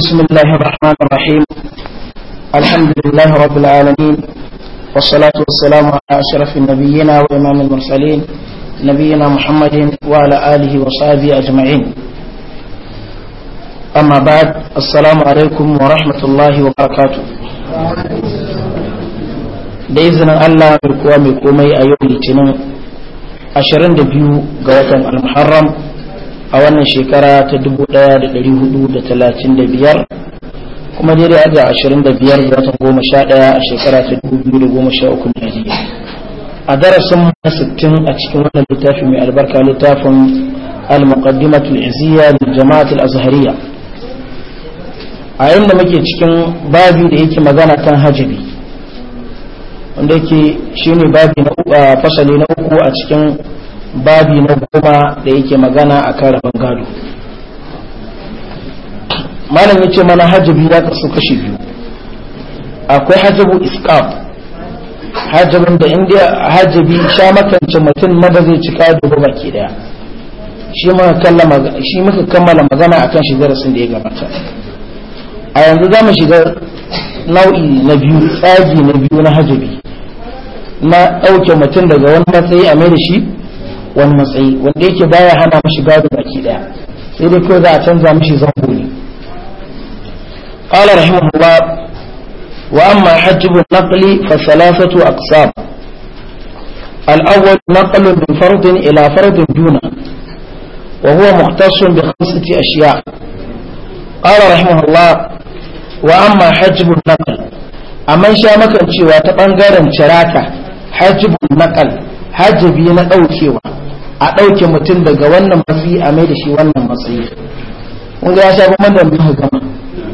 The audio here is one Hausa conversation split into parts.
بسم الله الرحمن الرحيم الحمد لله رب العالمين والصلاة والسلام على أشرف النبيين وإمام المرسلين نبينا محمد وعلى آله وصحبه أجمعين أما بعد السلام عليكم ورحمة الله وبركاته da izinin Allah mai kowa mai komai a yau litinin 22 ga watan al-Muharram a wannan shekara ta 1435 kuma daidai da 25 da watan goma sha ɗaya a shekara ta 2013 Najeriya. A darasin na 60 a cikin wannan littafi mai albarka littafin al-muqaddimatu al-iziyya lil jama'at al azhariya a inda muke cikin babi da yake magana kan hajibi wanda yake shine babi na uku fasali na uku a cikin babi na goma da yake magana a kan rabon gado malam ya ce mana hajjabi ya kasu kashi biyu akwai hajjabu iskaf hajjabin da indiya hajjabi sha makance mutum ma ba zai cika goma ke daya shi muka kammala magana akan shi darasin da ya gabata a yanzu za mu shiga nau'i na biyu tsagi na biyu na hajjabi na ɗauke mutum daga wani matsayi a mai da shi wani matsayi wanda yake baya hana mashi gado baki daya sai dai kawai za a canza mishi zango ne qala rahimahullah wa amma hajjibu naqli fa thalathatu aqsam al-awwal naqlu min fardin ila fardin duna wa huwa mukhtasun bi khamsati ashiya qala rahimahullah wa amma hajjibu naqli amman sha makan cewa ta bangaren charaka hajjibu naqli hajjibi na ɗaukewa. a ɗauke mutum daga wannan matsayi a mai da shi wannan matsayi kun ga ya sha kuma da gama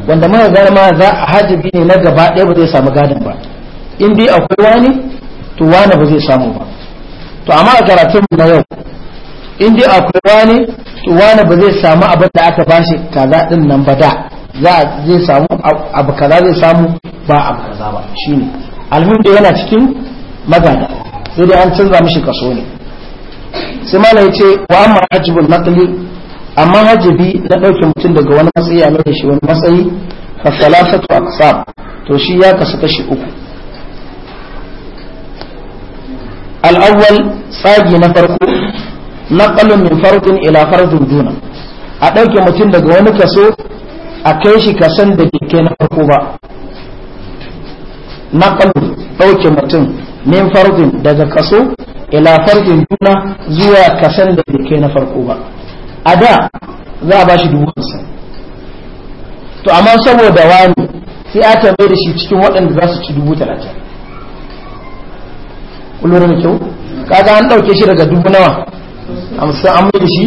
wanda muka gama ma za a hajibi ne na gaba ɗaya ba zai samu gadon ba in dai akwai wani to wani ba zai samu ba to amma a karatun na yau in dai akwai wani to wani ba zai samu abin da aka bashi kaza din nan ba da za zai samu abu kaza zai samu ba abu kaza ba shine alhamdulillah yana cikin magana sai dai an canza mishi kaso ne sai malam ya ce wa amma hajjibul naqli amma hajjibi na ɗauke mutum daga wani matsayi a mai shi wani matsayi fa salafatu aqsam to shi ya kasu kashi uku al tsagi na farko naqalun min fardin ila fardin duna a ɗauke mutum daga wani kaso a kai shi kasan da ke na farko ba naqalun ɗauke mutum min fardin daga kaso ila farkin juna zuwa kasan da ke kai na farko ba a da za a ba shi dubu hamsin to amma saboda wani sai a tambaye da shi cikin waɗanda za su ci dubu talatin kullum da kyau kaga an ɗauke shi daga dubu nawa hamsin an mai da shi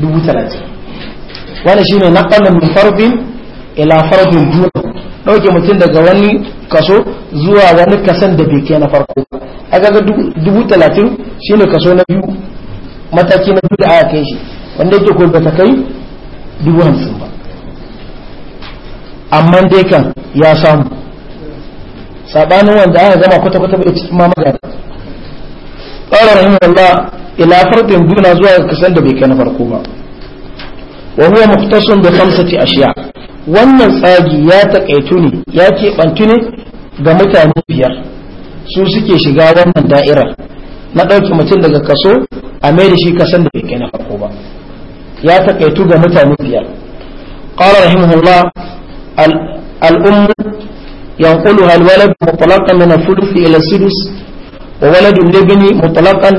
dubu talatin wani shine na ƙanan min farbin ila fardin duna dauke mutum daga wani kaso zuwa wani kasan da bai na farko a ga dubu talatin shine kaso na biyu mataki na biyu da aka kai shi wanda yake ko bata kai dubu hamsin ba amma dai kan ya samu sabanin wanda aka gama kwata-kwata bai cikin ma magana rahimu Allah ila fardin duna zuwa kasan da bai kai na farko ba wa huwa muhtasun bi khamsati ashiya' wannan tsagi ya taƙaitu ne ya keɓantu ne ga mutane biyar su suke shiga wannan da'irar na ɗauki mutum daga kaso a mai da shi kasan da bai kai na farko ba ya taƙaitu ga mutane biyar ƙara رحمه الله الأم ينقلها الولد مطلقا من الثلث إلى السدس وولد الابن مطلقا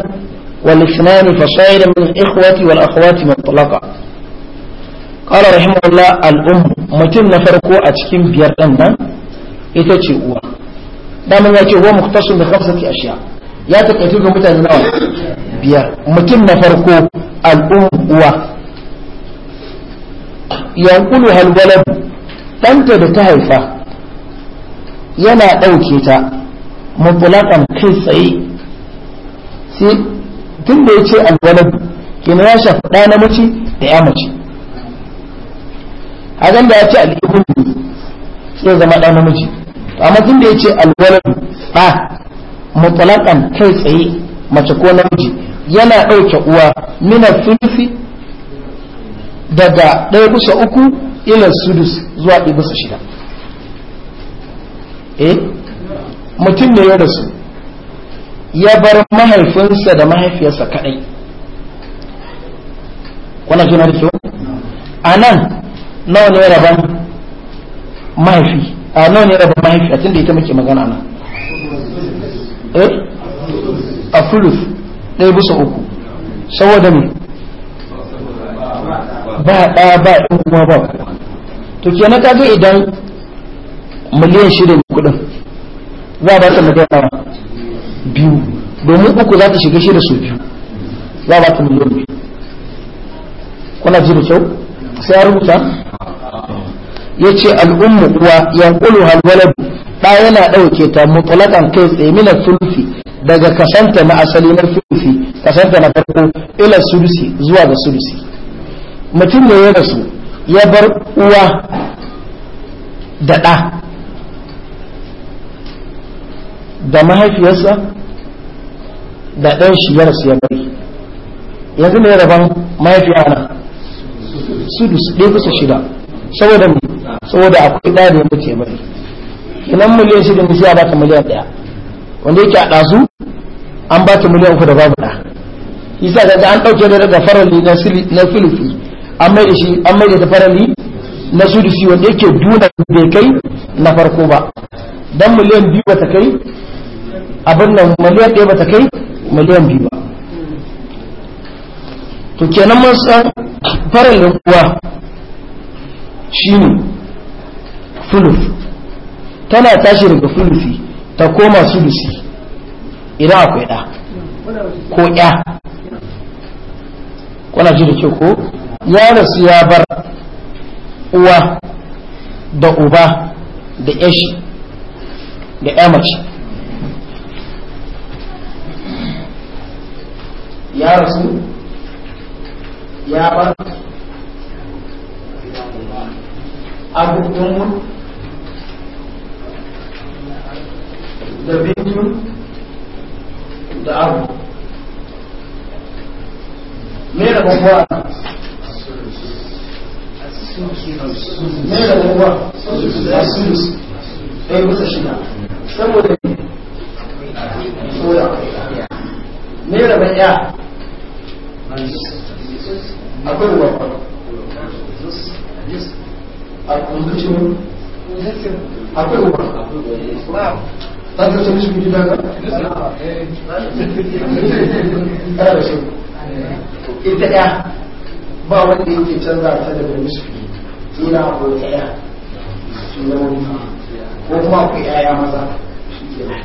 والاثنان فصائر من الإخوة والأخوات مطلقا qala rahimahullah al-um mutum na farko a cikin biyar ɗannan nan ita ce uwa daman ya ce wa da bi khamsati ashiya ya takaitu ga mutane nawa biyar mutum na farko al-um uwa yanqulu hal walad danta da ta haifa yana ɗauke ta mutulakan kai tsaye sai tun da ya ce alwalad kina ya shafi na namiji da ya mace hakan da ya ce ne sai zama ɗan namiji amma tun da ya ce alwalad ba mutalakan kai tsaye mace ko namiji yana ɗauke uwa mina filfi daga ɗaya bisa uku ila sudus zuwa ɗaya bisa shida eh mutum ne ya rasu ya bar mahaifinsa da mahaifiyarsa kaɗai wannan juna da kyau a nan nawa ne rabon mahaifi a nawa ne rabon mahaifi a tunda ita muke magana nan eh a fulus ɗaya bisa uku saboda ne ba ɗaya ba ɗin kuma ba to kenan ka ga idan miliyan shida ne kuɗin za a ba ta miliyan biyu domin uku za ta shiga shida su biyu za a ba ta miliyan biyu kuna ji da kyau sai ya rubuta yace al'ummu kuwa yanqulu hal walad ɗa yana ɗauke ta mutlaqan kai tsaye min al daga kasanta na asali na thuluthi kasanta na farko ila sulusi zuwa ga sulusi mutum ne ya rasu ya bar uwa da ɗa da mahaifiyarsa da ɗan shi ya rasu ya bari yanzu ne rabon mahaifiya na sudus ɗaya kusa shida saboda saboda akwai ɗaya da ya mutu ya bari idan miliyan shi da musiya ba bata miliyan ɗaya wanda yake a ɗazu an bata miliyan uku da babu da isa ga an ɗauke da daga farali na filifi an mai da shi an mai da farali na sudusi wanda yake duna bai kai na farko ba dan miliyan biyu ba ta kai abin nan miliyan ɗaya ba ta kai miliyan biyu ba to kenan mun san farallin kuwa. shine fuluf tana tashi daga fulufi ta koma sulusi idan akwai ɗa ko ya kwana ji da ke ko ya rasu ya bar uwa da uba da yashi da yamaci ya rasu ya bar abu ummun da bintun da abu me da bambuwa me da bambuwa asulus ɗaya bisa shida saboda soya me da banya akwai ruwa ce wani akwai uba za ta sami shi gida na? ƙara da shi ita ɗaya ba wanda yake canza ta daga mishi ina akwai ɗaya suna wani ko kuma akwai ƴaƴa maza shi ke nan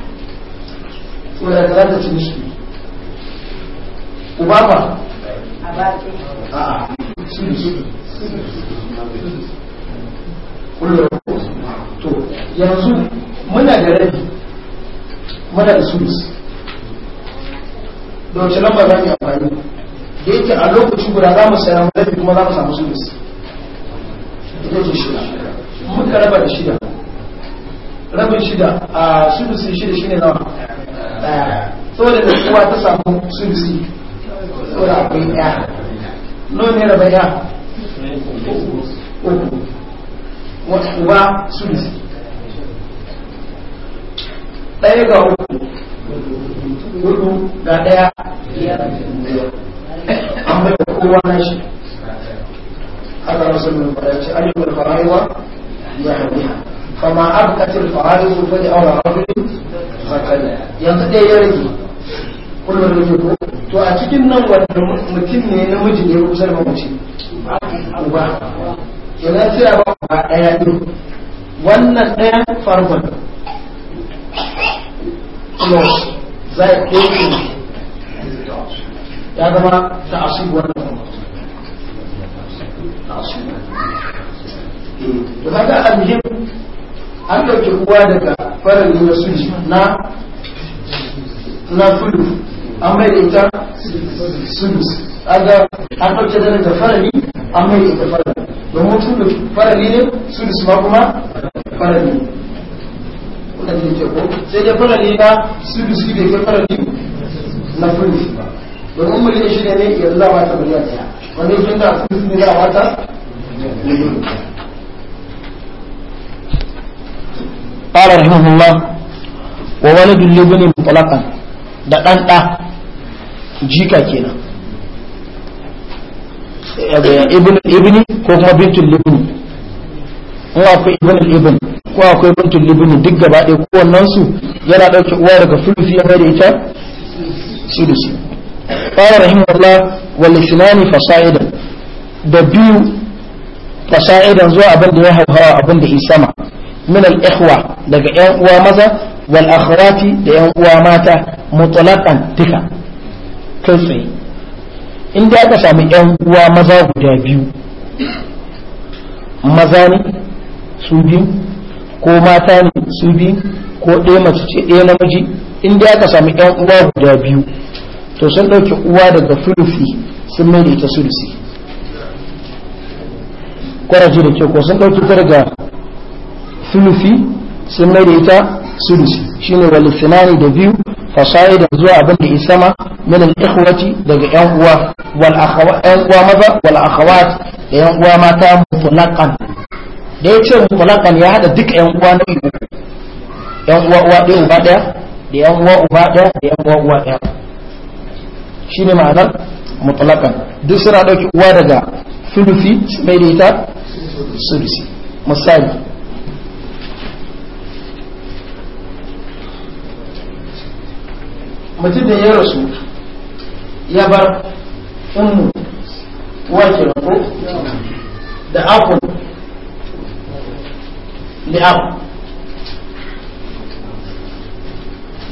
saboda za ta ci mishi uba ba a shi ne kullum to yanzu muna da rabi muna da sulus da wace lamba za mu amfani da yake a lokacin guda za mu saya rabi kuma za mu samu sulus ita ce shida muka raba da shida rabin shida a sulusin shida shine nawa daya saboda da kowa ta samu sulusi saboda akwai daya nawa ne raba ya uku wasu ba uba sulusi ɗaya ga uku hudu ga ɗaya an bai kowa na shi haka rasu mai fara ce alimul faraiwa ya haɗiya fama abkatil faraiwa su fadi aura rajulin zakariya yanzu ɗaya ya rage kullum rage ko to a cikin nan wanda mutum ne namiji ne kusa da mamaci ba kenan cire ba ba ɗaya ɗin wannan ɗayan farkon plus zai ɗauki ya zama ta asibu wannan da eh, kaga alhim an ɗauki uwa daga farin nuna suji na na fudu an bai da ita sudus an ɗauke da daga farari an bai da ita farari domin tun da farali ne su da kuma farali wanda ne sai dai farali su su farali na ba domin ne yanzu za miliyan ɗaya da ne za a wata قال رحمه الله وولد لابن مطلقا ده ɗan جيكا jika kenan Eh, ibni ko kuma bintul libni in akwai ibnul ibn ko akwai bintul libni duk gaba ɗaya wannan su yana ɗauke uwa daga fulfi ya mai da ita sulusi qala rahimahullah wal isnani fasaidan da biyu fasa'idan zuwa abin da ya hauhawa abin da isama min al-ikhwa daga yan uwa maza wal akhawati da yan uwa mata mutlaqan duka kai tsaye in da aka samu yan uwa maza guda biyu maza ne su biyu ko mata ne su biyu ko ɗaya mace ce ɗaya namiji in da aka samu yan uwa guda biyu to sun ɗauki uwa daga fulufi sun mai ta sulusi kwaraji da kyau ko sun ɗauki ta daga fulufi sun mai da shi sulusi shine walisinani da biyu da zuwa abin da isama min al-ikhwati daga yan uwa wal uwa maza wal akhawat da yan uwa mata mutlaqan da ya ce mutlaqan ya hada duk yan uwa na uku yan uwa uwa ɗaya uba ɗaya da yan uwa uba ɗaya da yan uwa uwa shi ne ma'ana mutlaqan duk suna dauki uwa daga sulufi mai da ita sulusi misali mutum da ya rasu ya bar ummu uwa ke ko da da aku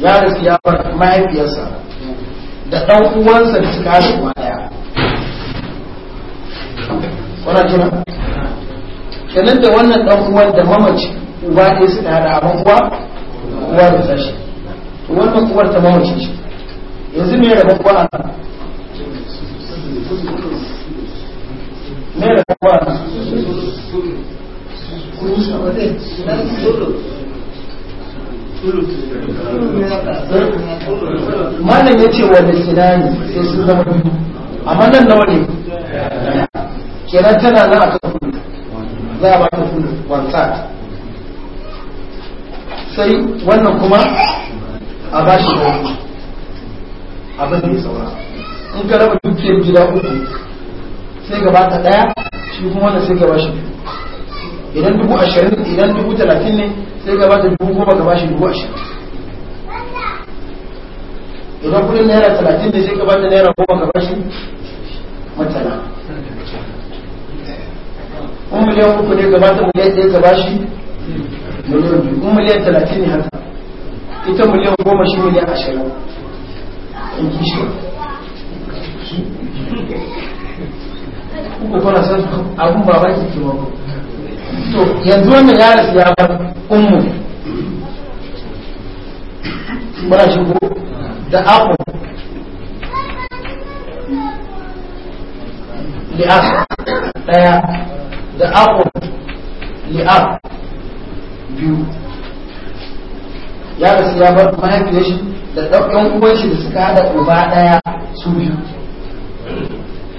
ya rasu ya bar mahaifiyarsa da ɗan uwansa da suka haɗu waya. ɗaya wana jira kenan da wannan ɗan uwan da mamaci uba ɗaya suka haɗa abin kuwa uwa da shi? wannan uwar ta mamaci shi yanzu me rabon kuwa a me malam ya ce wanda ne sai sun zama biyu amma nan nawa ne kenan tana za a kan kulu za a ba ta kulu wanta sai wannan kuma a ba shi abin da ya saura in ka raba dukiyar gida uku sai gaba ta ɗaya shi kuma wanda sai gaba shi biyu idan dubu ashirin idan dubu talatin ne sai gaba ta dubu goma gaba shi dubu ashirin idan kudin naira talatin ne sai gaba ta naira goma gaba shi matsala un miliyan uku ne gaba ta miliyan ɗaya gaba shi miliyan biyu un miliyan talatin ne haka ita miliyan goma shi miliyan ashirin in kishiyar kuka kwana san abun babaki ke mako to yanzu wannan ya rasu ya bar ummu ba shi ko da aku li'af daya da aku li'af biyu ya rasu ya bar mahaifiyar shi da ɗaukan uwan shi da suka hada uba daya su biyu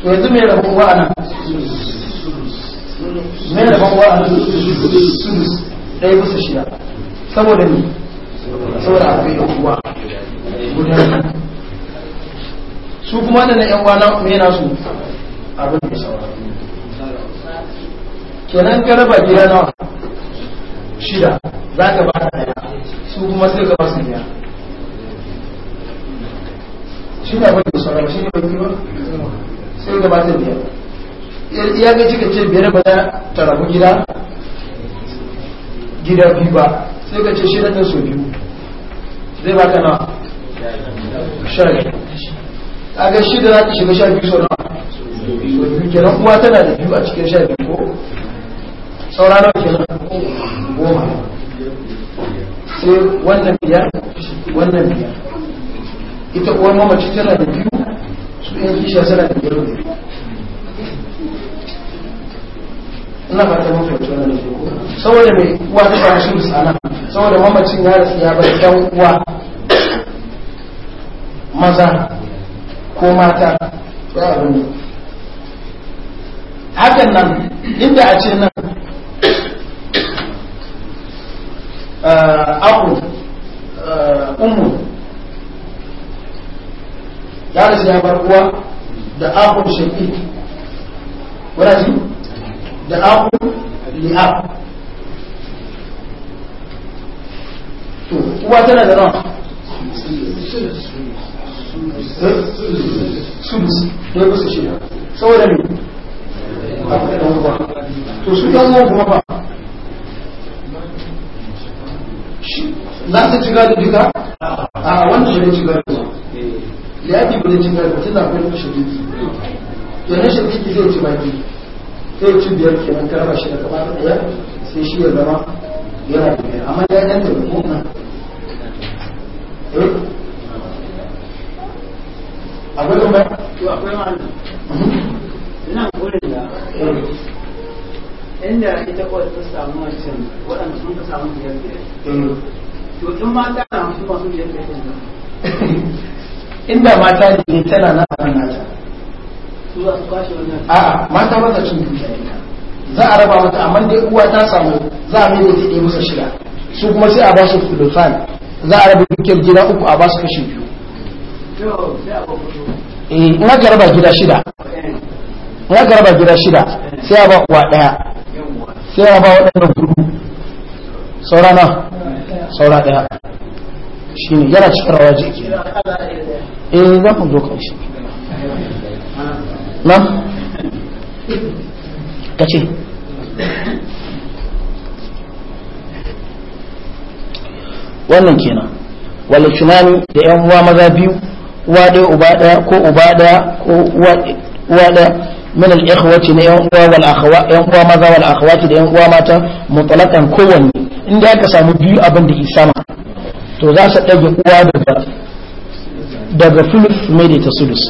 yanzu mai rabon wa'ana mai rabon wa'ana sulus ɗaya bisa shida saboda ni saboda akwai da uwa su kuma da na yan uwa na mai nasu abin da saura kenan ka raba gida nawa shida za ka ba ta daya su kuma sai ka ba su biya shi ne abin da saura ba shi ne ba sai gabata biyar ya ga cika ce biyar ba ta rabu gida gida biyu ba sai ka ce shi ta so biyu zai ba ka na sha biyu a ga da za ta shiga sha biyu sau nawa biyu kenan uwa tana da biyu a cikin sha biyu ko saura nawa kenan goma sai wannan biyar wannan biyar ita uwar mamaci tana da biyu su yan kishiya suna da gero ne ina ba ta mafi wata wani saboda mai uwa ta fara shi musana saboda mamacin ya rasu ya bar dan uwa maza ko mata ko abu ne hakan nan inda a ce nan uh, aku umu uh, Anas ya bar uwa da akun shaqiq wala ji da akun li'ab to uwa tana da nawa sudus to ba su shida saboda ne to su ta zuwa kuma ba na ta ci gado duka a wanda shi ne ci gado da ya ɗibu da cin karfi sai zafin shiriki kenan shiriki zai ci baki sai ci biyar kenan karfa shi sai shi ya zama yana da biyar amma ya ɗan da kuma eh? akwai kuma mhm. ina gurin da eh. inda ita kawai ta samu wancan waɗanda sun ka samu biyar biyar eh. to ma ta samu su masu biyar biyar inda mata ne tana na akan nata a'a mata ba ta cin dukiya ita za a raba mata amma dai uwa ta samu za a mai da ɗaya musa shida su kuma sai a ba su filofan za a raba dukiyar gida uku a ba su kashi biyu eh, in aka gida shida gida shida sai a ba uwa ɗaya sai a ba waɗannan gudu saura nan saura ɗaya shine yana cikin rawaji ke eh za mu zo karshe na ce wannan kenan wala tunani da yan uwa maza biyu uwa ɗaya uba ɗaya ko uba ɗaya ko uwa ɗaya من الإخوة نيانقوا والأخوات ينقوا ماذا والأخوات نيانقوا ماتا مطلقا كوني إن ذاك سامو بيو أبن دي إسامة to za su ɗage uwa daga daga fulus mai da ta sudus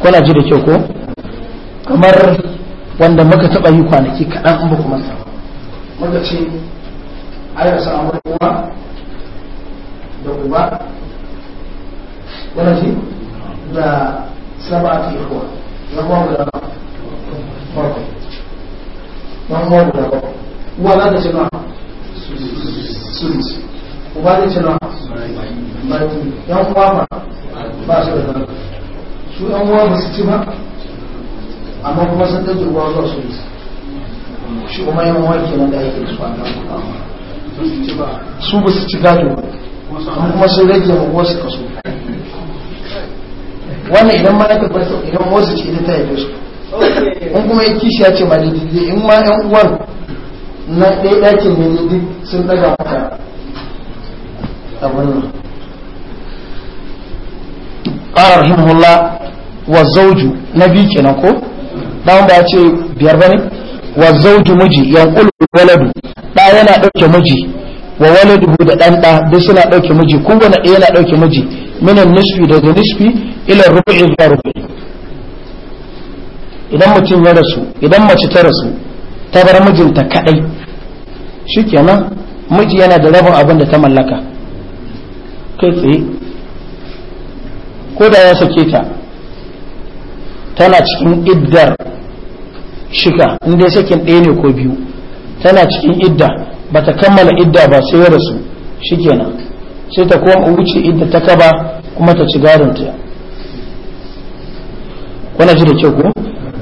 kuna ji da kyau ko kamar wanda muka taɓa yi kwanaki kaɗan an baku masa, muka ce ayar samun uwa da uba wani ji da saba'ati ikhwa na kuma guda bakwai na kuma guda bakwai uwa za ta ce ba. uba zai ci nawa yan uwa ba ba su da zarfi su yan uwa ba su ci ba amma kuma sun ɗauke uwa zuwa su shi kuma yan uwa nan da ake su a su ba su ci gado kuma sun rage ma wasu kaso wannan idan ma na karɓar idan wasu ce ita ta haife su in kuma yi kishi ya ce ma daidai in ma yan uwan na ɗaya ɗakin ne duk sun ɗaga mata ƙarar rahimahullah wa zauju na biyu kenan ko ɗan ba ce biyar ba ne wa zauju miji yankulu waladu ɗa yana ɗauke miji wa waladu da ɗan ɗa duk suna ɗauke miji kowane ɗaya yana ɗauke miji minan nisfi daga nisfi idan mutum ya rasu idan mace ta rasu ta bar mijinta kaɗai shikenan miji yana da rabin abin da ta mallaka kai tsaye ko da ya sake ta tana cikin iddar shika inda ya sakin ɗaya ne ko biyu tana cikin idda ba ta kammala idda ba sai ya rasu shikenan sai ta koma wuce idda ta kaba kuma ta ci garinta wannan ji da kyau ko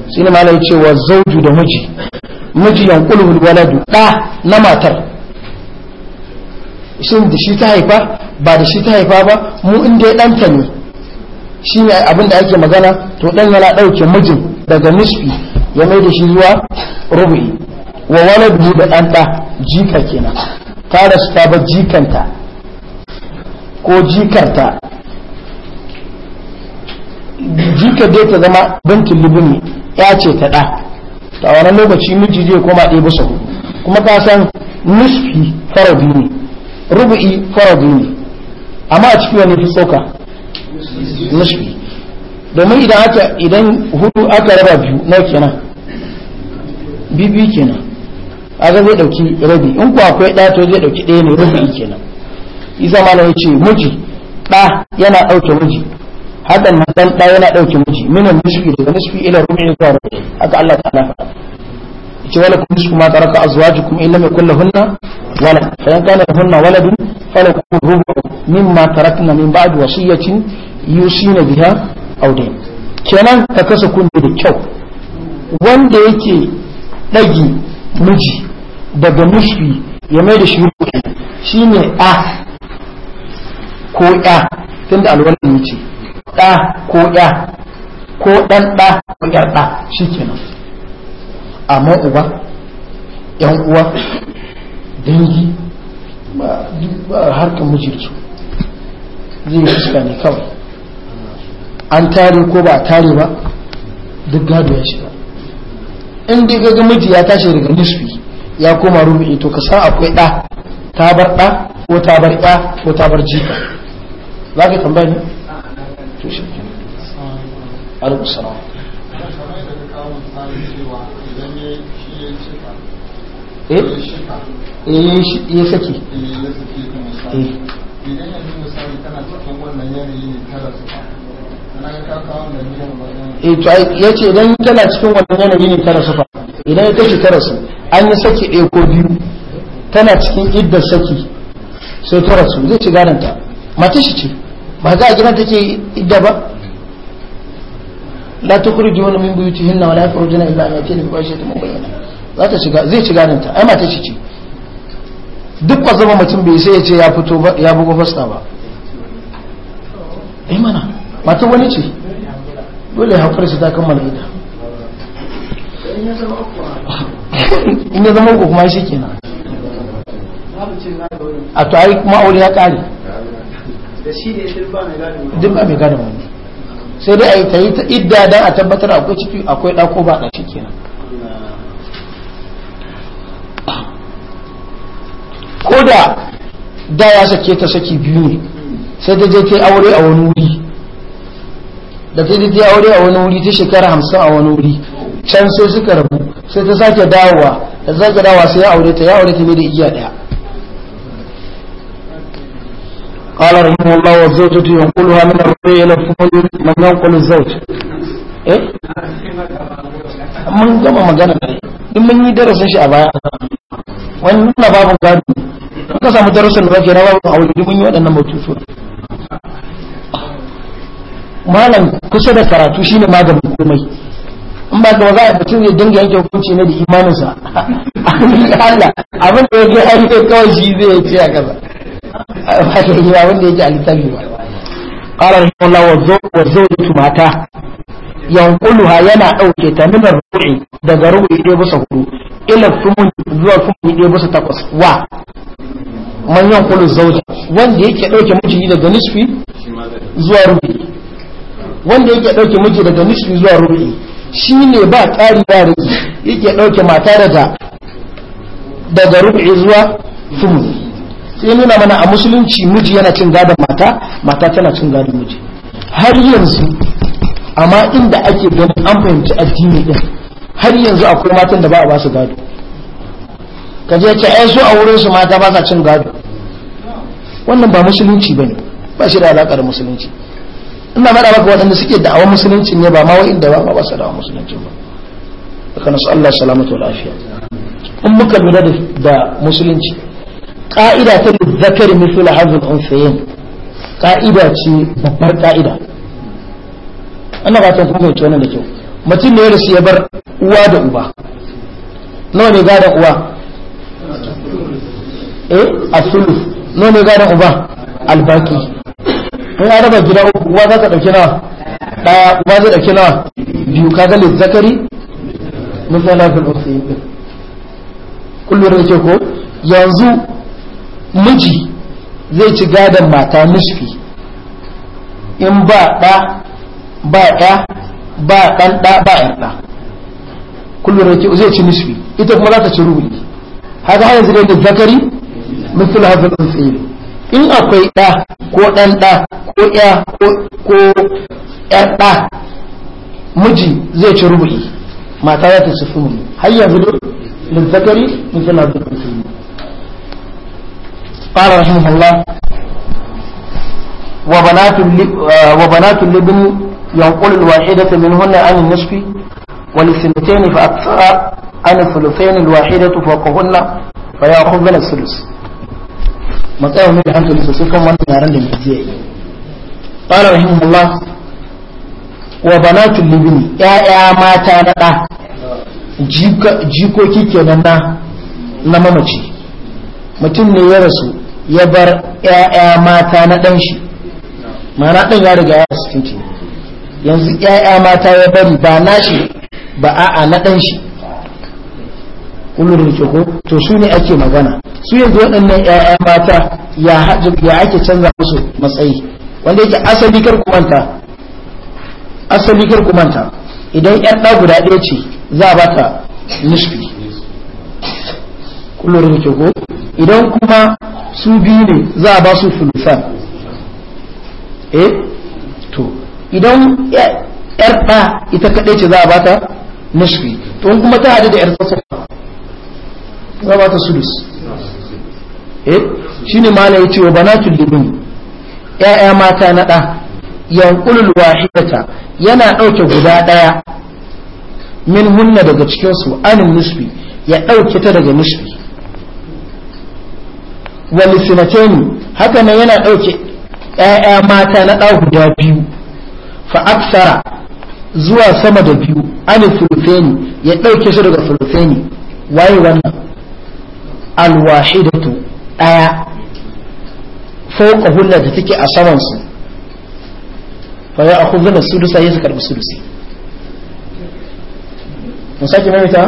sai ne cewa zauju da miji miji yankulu waladu ɗa na matar shin da shi ta haifa ba da shi ta haifa ba mu inda ya ɗanta ne shi ne abin da ake magana to ɗan yana ɗauke mijin daga nisfi ya mai da shi zuwa rubu'i wa wani biyu da ɗan ɗa jika kenan ta da su ta jikanta ko jikarta jika dai ta zama bankin libini ya ce ta ɗa ta wani lokaci miji zai koma ɗaya bisa hudu kuma ka san nisfi fara biyu ne rubu'i faradu ne amma a ciki wani fi tsoka nisfi domin idan aka idan hudu aka raba biyu na kenan bibi kenan aga zai dauki rabi in ku akwai ɗa to zai dauki ɗaya ne rubu'i kenan isa malam ya ce muji ɗa yana ɗauke muji miji na nan ɗa yana ɗauke muji minan nisfi daga nisfi ila rubu'i zuwa rubu'i haka Allah ta'ala faɗa ce wala kun su ma taraka azwajukum illa ma kullu hunna wala fa in kana hunna waladun fala rubu mimma tarakna min ba'd wasiyatin yusina biha aw dayn kenan ka kasa kundi da kyau wanda yake dagi miji daga nufi ya mai da shi rubutu shine a ko ya tunda alwalin ce ɗa ko ya ko ɗan ɗa ko ƴar ɗa shi kenan amma uba yan uwa dangi ba harkar mijirci zai fuska ne kawai an tare ko ba a tare ba duk gado ya shiga in dai gaga miji ya tashi daga nisfi ya koma rubu'i to ka sa akwai ɗa ta bar ɗa ko ta bar ɗa ko ta bar jika za ka tambaya ne? to shi ne alaikusalam Eh? eh ya saki eh. Eh, ya ce idan tana cikin wannan yanayi ne tara sufa idan ya kashi tara su an yi saki ɗaya ko biyu tana cikin idda saki sai tara su zai ci gadanta mata shi ce ba za a gidan take idda ba la tukhrijuna min buyutihinna wa la yakhrujuna illa an yatina bi za ta shiga zai ci nan ta ai mata shi ce duk ba zama mutum bai sai ya ce ya fito ya bugo fasta ba ai eh mana mata wani ce dole hakuri shi ta kammala ita in ya zama uku kuma shi kenan a to ai kuma aure ya kare duk ba mai gane wani sai dai a yi ta idda don a tabbatar akwai ciki akwai ɗako ba ɗashi kenan ko da da ya sake ta saki biyu ne sai ta je ta aure a wani wuri da ta je ta aure a wani wuri ta shekara hamsin a wani wuri can sai suka rabu sai ta sake dawowa da sake dawa sai ya aure ta ya aure ta mai da igiya daya قال رحمه الله والزوجة ينقلها من الرؤية إلى الفضل من ينقل الزوج eh mun gama magana ne in mun yi darasin shi a baya wannan babu gado ka samu darasin da zaka rawa a wajen mun yi waɗannan mutusu malam kusa da karatu shine maganin komai in ba ka za a mutum ya dinga yanke hukunci na da imaninsa Allah abin da yake hari ne kawai shi zai ce a kasa ba ka yi abin da yake a littafi ba qala rahimahullah wa zawjatu mata yanquluha yana ɗauke ta min rubu'i daga rubu'i ɗaya bisa hudu ila fumun zuwa fumun ɗaya bisa takwas wa man yanqulu zawja wanda yake ɗauke miji daga nisfi zuwa rubu'i wanda yake ɗauke miji daga nisfi zuwa shi ne ba ƙari ba rigi yake ɗauke mata daga daga rubu'i zuwa fumun sai nuna mana a musulunci miji yana cin gadon mata mata tana cin gadon miji har yanzu amma inda ake ganin an fahimci addini din har yanzu akwai matan da ba a ba su gado ka je ce ai su a wurin su mata ba sa cin gado wannan ba musulunci bane ba shi da alaka da musulunci ina mada maka waɗanda suke da'awar musulunci ne ba ma inda ba ba su da'awar musulunci ba daga nasu Allah salamatu wa lafiya in muka lura da musulunci ka'ida ta zakari mithlu hazul unsayin ka'ida ce babbar ka'ida an ba ta kuma ce wannan da kyau mutum ne ya rasu ya bar uwa da uba nawa ne gadon uwa eh asulu nawa ne gadon uba albaki in ya raba gida uku uwa za ta dauki nawa daya uba zai dauki nawa biyu ka kaga lizzakari mutane da usayi kullum da ke ko yanzu miji zai ci gadon mata nisfi in ba ɗa ba ɗa ba dan da ba ya da kullum rake zai ci nisfi ita kuma za ta ci rubu haka har zai da zakari misal hazal tsayi in akwai da ko dan da ko ya ko ya da miji zai ci rubu mata za ta ci fumu har yanzu da zakari misal hazal tsayi قال رحمه الله وبنات لابن ينقل الواحدة منهن عن النصف وللثنتين فأكثر عن الثلثين الواحدة فوقهن فيأخذن الثلث matsayin mai da hankali sosai kan wannan yaren da mai yi ƙara rahimullah wa banatul libini ƴaƴa mata na ɗa jikoki kenan na na mamaci mutum ne ya rasu ya bar ƴaƴa mata na ɗan shi mana ɗin ya riga ya su ke yanzu ƴaƴa mata ya bari ba na shi ba a'a na ɗan shi kullum da ko to su ne ake magana su yanzu waɗannan ƴaƴa mata ya ya ake canza musu matsayi wanda yake asali kar ku manta asali kar ku manta idan ƴan ɗa guda ɗaya ce za a bata nishfi kullum da ko idan kuma su biyu ne za a ba su fulfan eh to idan yar ta ita kadai ce za a bata nisfi to kuma ta hadu da yar sassa za a bata sudus eh shine mala yace wa banatul libni ya'ya mata na da yanqulul wahidata yana ɗauke guda ɗaya. min hunna daga cikin su anin nisfi ya ɗauke ta daga nisfi wal sinatani haka nan yana dauke 'ya'ya mata na ɗa guda biyu fa aksara zuwa sama da biyu ani fulfeni ya ɗauke su daga fulfeni waye wannan alwahidatu ɗaya fauka hulla da take a samansu fa ya aku zana dusa ya su karɓi sudusi mu sake maimaita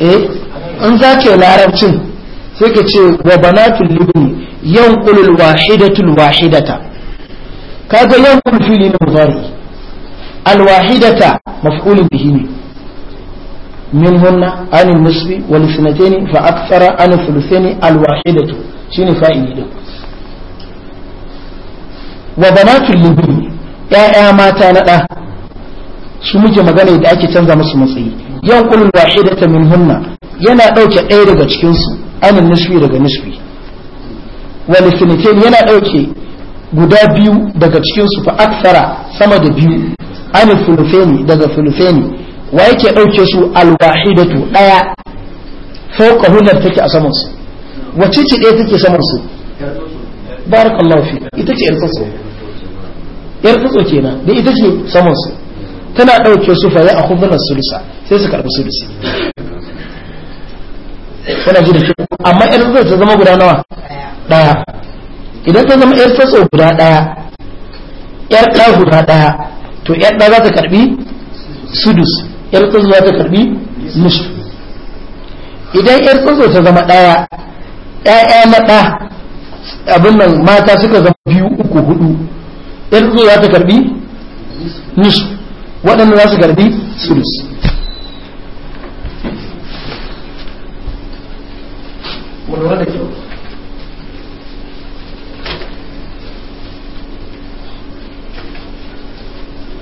eh in za ke larabcin sai ka ce wa banatul libni ينقل الواحدة الواحدة كذا ينقل في المضارع الواحدة مفعول به منهن عن النصف والاثنتين فأكثر عن الثلثين الواحدة شنو فائدة وبنات اللبن يا ما تانا su muke magana da ake canza musu matsayi yan kulul wahidata minhunna yana dauke ɗaya daga cikin su anin nisfi daga nisfi wal isnatain yana dauke guda biyu daga cikin su fa aksara sama da biyu an fulufeni daga fulufeni wa yake dauke su alwahidatu wahidatu daya fawqa hunar take a saman su wace ce daya take saman su barakallahu fi ita ce irtsatsu irtsatsu kenan da ita ce saman su tana dauke su fa ya akhudna sulusa sai su karbi sulusi kana ji da shi amma irtsatsu ta zama guda nawa daya idan ta zama 'yar tsatso guda daya 'yar ɗa guda daya to 'yar ɗa za ta karbi sudus 'yar tsatso za ta karbi nusu idan 'yar tsatso ta zama daya ɗaya na ɗa abin nan mata suka zama biyu uku hudu 'yar tsatso za ta karbi nusu waɗanda za su karbi sudus Bueno, ahora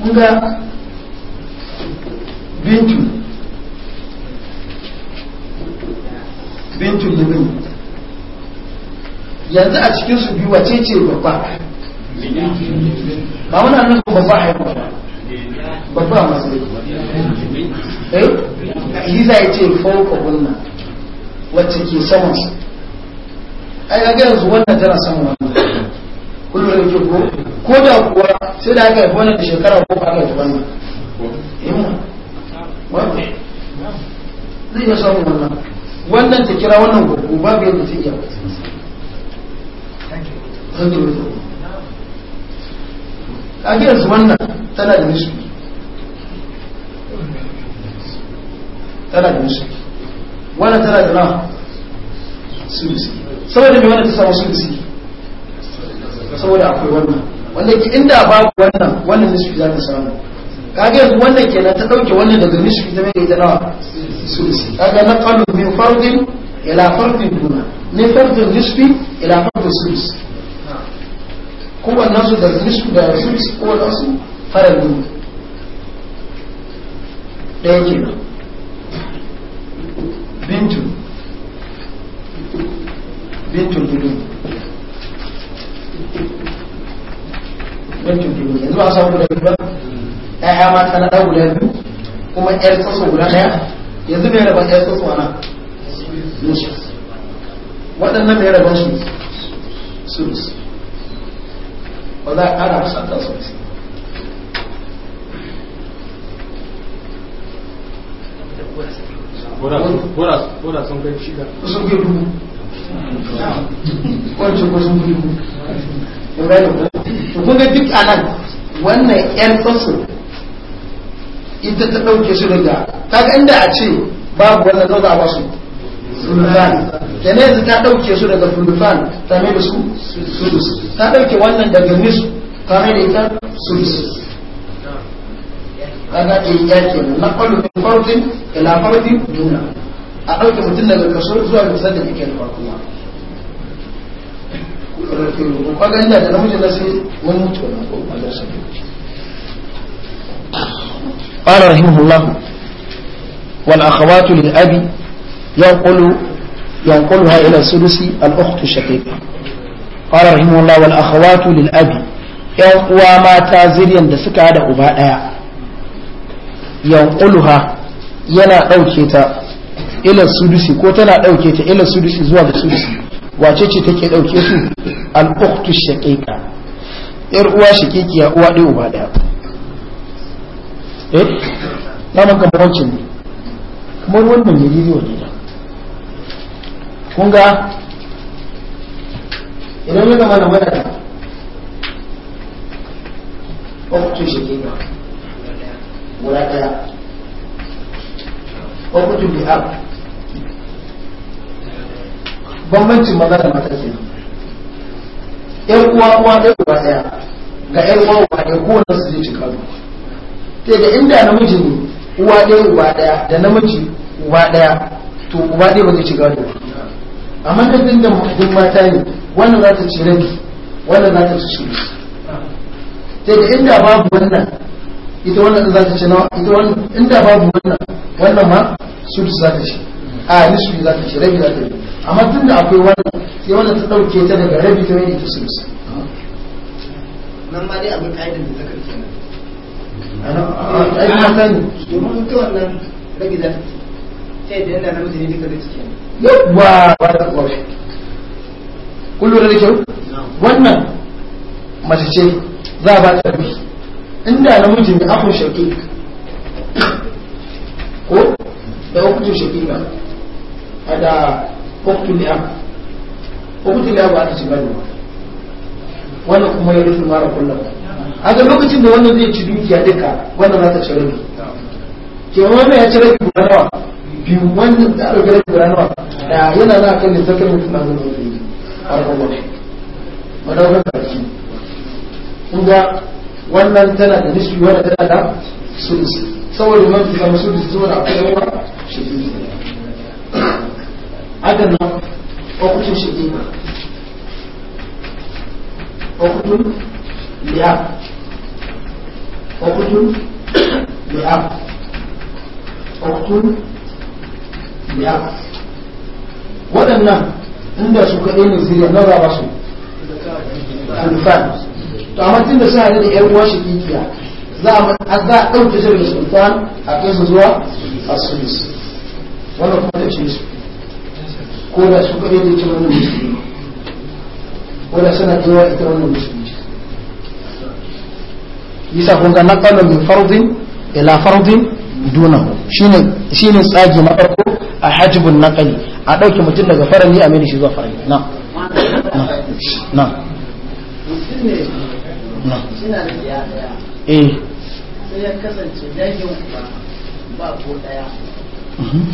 kunga bintu bintu ne libin yanzu a cikin su biyu wace ce babba ba wani annan babba babba ba babba a masu eh yi ya ce fauka wannan wacce ke saman su ai ga yanzu wannan tana saman wannan kullum da ko ko da kuwa sai da aka yi wannan da shekara ko ba aka yi wannan zai iya samun wannan wannan ta kira wannan gugu ba ga yadda ta iya ake yanzu wannan tana da nishi tana da nishi wannan tana da na sulusi saboda mai wannan ta samu sulusi saboda akwai wannan wanda ke inda babu wannan wannan nisfi za ta samu kage yanzu wannan kenan ta dauke wannan daga nisfi ta mai ita nawa sulusi kaga na qalu min fardin ila fardin duna min fardin nisfi ila fardin sulusi kowannen su da nisfi da sulusi kowannen su fara duna ɗaya nan bintu bintu duna bankin duniya yanzu a samu guda biyu ba ƴaƴa mata na ɗan guda biyu kuma ƴar tsotso guda eu yanzu mai rabon eu tsotso a nan a in bai to ga duk anan wannan yan fasu ita ta ɗauke shi daga kaga inda a ce babu wannan zaza a basu sulfan kenan yanzu ta ɗauke su daga sulfan ta mai da su sulus ta ɗauke wannan daga nisu ta mai da ita sulus kaga ɗin ya ke nan na ƙwallo min farfin ila farfin duna a ɗauke mutum daga kaso zuwa misal da yake da farko kwaga da namiji na sai wani mutu na ko a darsa قال رحمه الله والأخوات للأبي ينقل ينقلها إلى السدس الأخت الشقيقة قال رحمه الله والأخوات للأبي ينقوى ما تازريا دسك على أباء ينقلها ينا أوكيتا إلى السدس كوتنا أوكيتا إلى السدس زواج السدس wacece take ɗauke su al'uktu shaƙiƙa yar uwa shaƙiƙiya uwa ɗaya uba ɗaya eh naman kamar wancan ne kamar wannan ne bidiyo ne da kun ga idan mana zama da wadata ƙwakwacin shaƙiƙa guda ɗaya ƙwakwacin bihar bambancin maza da mata yan uwa kuma ɗaya uwa ɗaya ga yan uwa uwa ɗaya kowane su zai ci karo sai da inda namiji ne uwa ɗaya uba ɗaya da namiji uba ɗaya to uba ɗaya ba zai ci gado amma da bin da mata ne wannan za ta ci rabi wannan za ta ci shi sai da inda babu wannan ita wannan za ta ci nawa ita wannan inda babu wannan wannan ma su za ta ci a nisfi za ta ci rabi za ta ci amma tun da akwai wannan sai wanda ta ɗauke ta daga rabi ta wani tusu musu nan ma dai abin ka'idar da zakar kenan ai ma sani domin ta wannan rabi za ta ce ta yadda namiji ne duka zai kenan yawwa ba ta kwafi kun lura da kyau wannan mace ce za a ba ta rabi inda namiji ne akun shaƙi ko da hukuncin shaƙi ba a da hukuncin ne ko kuke da ba ta ci gado wannan kuma ya rufe mara kullum a ga lokacin da wannan zai ci dukiya duka wannan za ta ci rabi ke wannan ya ci rabi guda nawa biyu wannan da aka rabi guda nawa da yana na kan lissafin mutum na zama da yi a kuma madawar karfi kun wannan tana da nisbi wannan tana da sulusi saboda man ta samu sulusi saboda akwai yawa shi yi. haka nan وقت شديدة وقت لأب وقت لأب وقت لأب waɗannan inda su kaɗai ne zuriya na raba su alfan to amma tun da suna da ƴan uwa shakikiya za a ɗauke shi daga sultan a kai su zuwa asulis wannan kuma da ce su ko da su kare da ce wannan musulmi ko da suna kewa ita wannan musulmi yasa kun ga naqalu min fardin ila fardin dunahu shine shine tsagi na farko a hajibun naqali a dauke mutum daga farali a mai shi zuwa farali na na na eh sai ya kasance dangin ba ko daya mhm.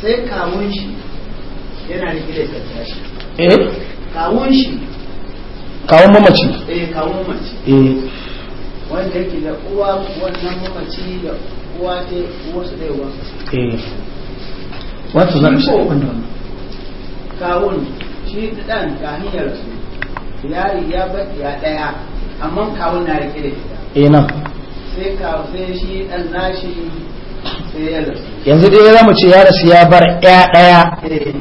sai kamun shi yana gida ya eh kawun mamaci eh kawun mamaci eh yake da uwa wannan mamaci da uwa ta uwa su dai uwa eh wato zan shi kawun shi dan yari ya baki ya daya amma kawun na rike da eh, shi dan nashi yanzu dai za mu ce ya rasu ya bar ya ɗaya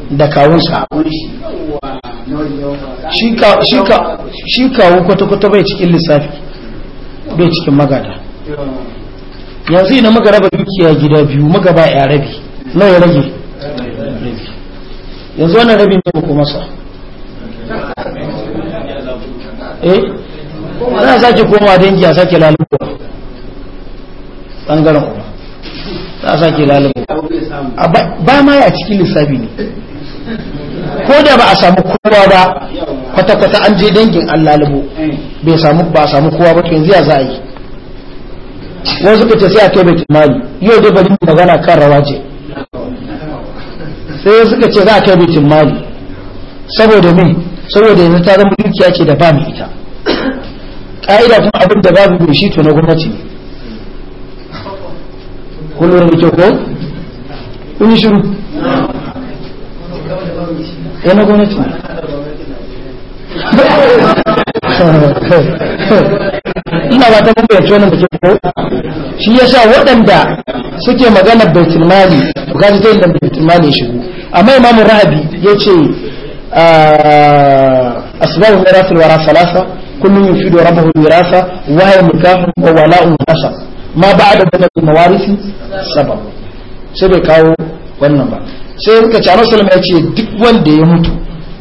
da kawunsa shi kawo kwata-kwata bai cikin lissafi bai cikin magada yanzu ina muka raba dukiya gida biyu muka ya rabi nawa ya rage yanzu wannan rabin ne kuma masa eh za a sake koma dangi a sake lalubuwa ɓangaren a sake lalubu ba ma ya cikin lissafi ne ko da ba a samu kowa ba kwata-kwata an je dangin an lalubu bai ba a samu kowa ba to yanzu za a yi wasu suka ce sai a kai bai mali yau da bari magana kan rawa ce sai suka ce za a kai bai mali saboda min saboda yanzu ta zama dukiya ce da ba mu ita ka'ida kuma abin da babu shi to na gwamnati ne kun lura da kyau ko kun yi shiru yana gwamnati ina ba ta kuma yanci wannan da ke ko shi ya sa waɗanda suke magana baitul mali ga ta yin da baitul mali shigo amma imamu rahabi ya ce asbabun wara fil wara salasa kullum yufidu rabbahu wirasa wa ya mukahum wa wala'un hasab ma ba da da mawarisi sabab sai bai kawo wannan ba sai suka ci annabi sallallahu ya ce duk wanda ya mutu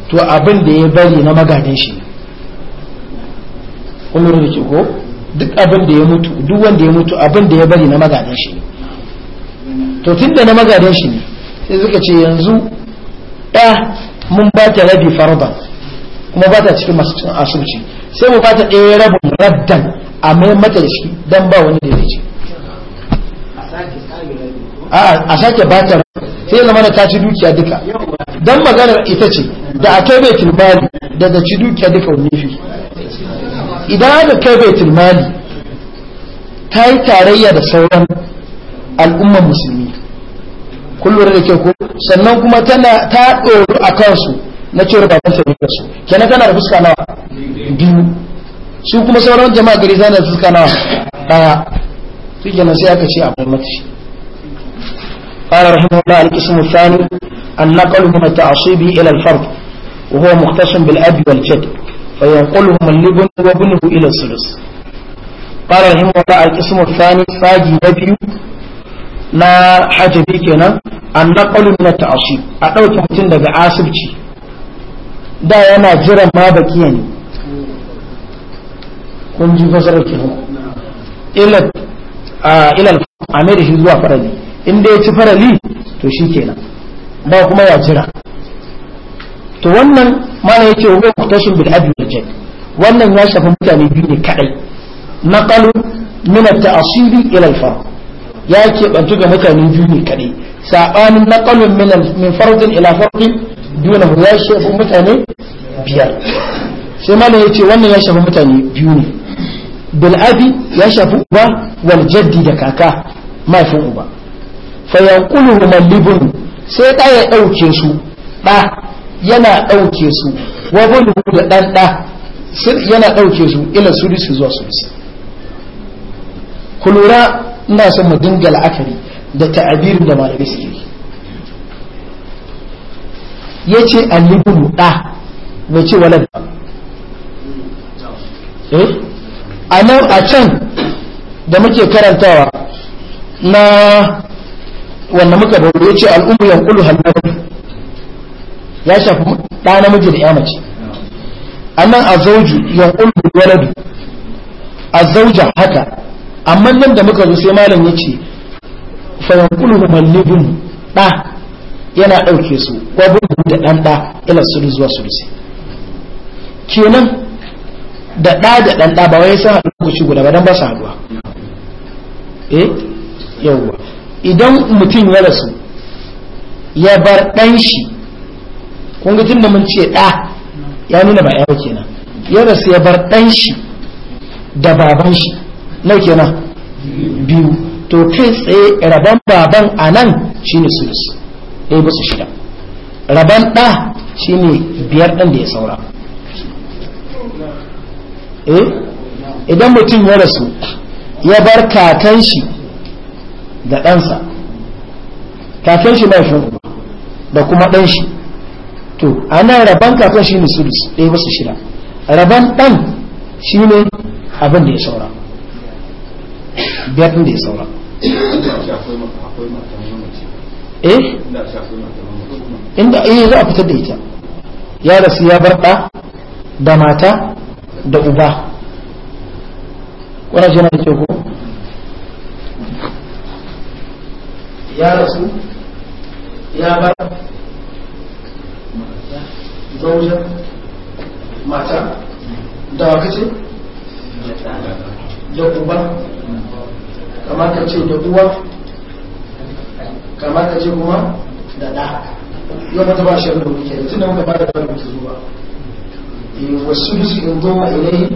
to abin da ya bari na magadin shi kuma da ke ko duk abin da ya mutu duk wanda ya mutu abin da ya bari na magadin shi to da na magadin shi ne sai suka ce yanzu ɗa mun ba ta rabi farban kuma ba ta cikin masu cin asubci sai mu ba ta ɗaya rabin raddan a mai mata da shi don ba wani da ya ce a sake bata sai zama da ta ci dukiya duka Don maganar ita ce da a kai baitul mali da da ci dukiya duka wani fi idan aka kai baitul mali ta yi tarayya da sauran al'umman musulmi kullum da ke ko sannan kuma tana ta ɗoru a kansu na cewar baban sarrafa su kenan tana da fuska nawa biyu su kuma sauran jama'a gari zana fuska nawa ɗaya su kenan sai aka ce a gwamnati. قال رحمه الله القسم الثاني النقل من التعصيب إلى الفرد وهو مختص بالأب والجد فينقلهم الابن وابنه إلى الثلث قال رحمه الله القسم الثاني فاجي نبي na hajjabi kenan an naƙalin na ta'ashi a ɗauke mutum daga asibci da yana jiran ma bakiya ne kun ji fasarar kenan ilal a mai da shi zuwa farali Inda ya ci farali to shi kenan ba kuma ya jira to wannan mana ya ce wa mutashin bil adl wal jad wannan ya shafi mutane biyu ne kadai naqalu min at-ta'asili ila al ya ke bantu ga mutane biyu ne kadai sabanin naqalu min min fardin ila fardin dunahu ya shafi mutane biyar sai mana ya ce wannan ya shafi mutane biyu ne bil abi ya shafi uba wal jaddi da kaka mahaifin uba fayankulu mallibun sai ɗa ya ɗauke su ɗa yana ɗauke su wa bulu da ɗan ɗa yana ɗauke su ila su zuwa sulusi ku lura ina son mu dinga la'akari da ta'abirin da malamai suke ya ce allibulu ɗa bai ce walad ba eh? a nan a can da muke karantawa na wanda muka bauta ya ce al'ummu ya kulu hannun ya shafi ɗa namiji da ya mace annan a zauju ya kulu waladu a zauja haka amma nan da muka zo sai malam ya ce fayan kulu mallibin ɗa yana ɗauke su gwabin da ɗan ɗa ila sulu zuwa sulusi kenan da ɗa da ɗan ɗa ba wai sun haɗu lokaci guda ba don ba su haɗuwa eh yawwa idan mutum ya rasu ya bar ɗan shi kun tun da mun ce ɗa ya nuna ba yawa kenan ya rasu ya bar ɗan shi da baban shi na kenan biyu to kai tsaye rabon baban a nan ne sulus ɗaya bisa shida rabon ɗa shine biyar ɗan da ya saura eh idan mutum ya rasu ya bar kakan shi Da ɗansa kakan shi mai fin uba da kuma ɗan shi to ana raban kakan shi ne sulus ɗaya wasu shida raban ɗan shi ne abin da ya saura biyar ɗin da ya saura eh inda iya eh, za a fitar da ita ya rasu ya bar ɗa da mata da uba ƙwararci na da ke ko ya rasu ya bar zaujen mata da waka ce da uba kamar ka ce da uwa kamar ka ce kuma da da yau mata ba shi rubu ke tun da muka ba da ba rubuta zuwa eh, wasu su in ilai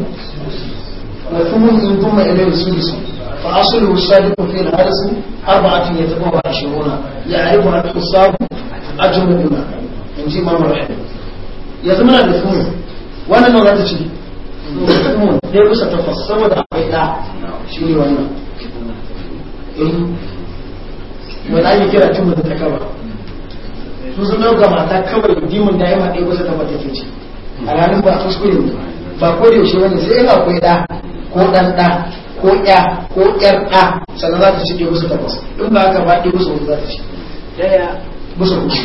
kuma in zoma ilai su فأصله السابق في الهرس أربعة يتبوى عشرون يعرفها الحصاب أجملنا إن جي مرة رحمة يزمنا الثمون وانا لو هذا شيء الثمون ليه بس تفصل وتعبئة شيني وانا wala ya kira tun da ta kawa su sun dauka mata kawai dimin da ya maɗe kusa ta mata ce a ranar ba kuskure ba ko da yaushe wani sai ya akwai da ko ɗan ɗa ko ya ko yar a. sannan za ta ci ɗaya bisa takwas in ba haka ba ki musu wani za ta ci daya musu kuma?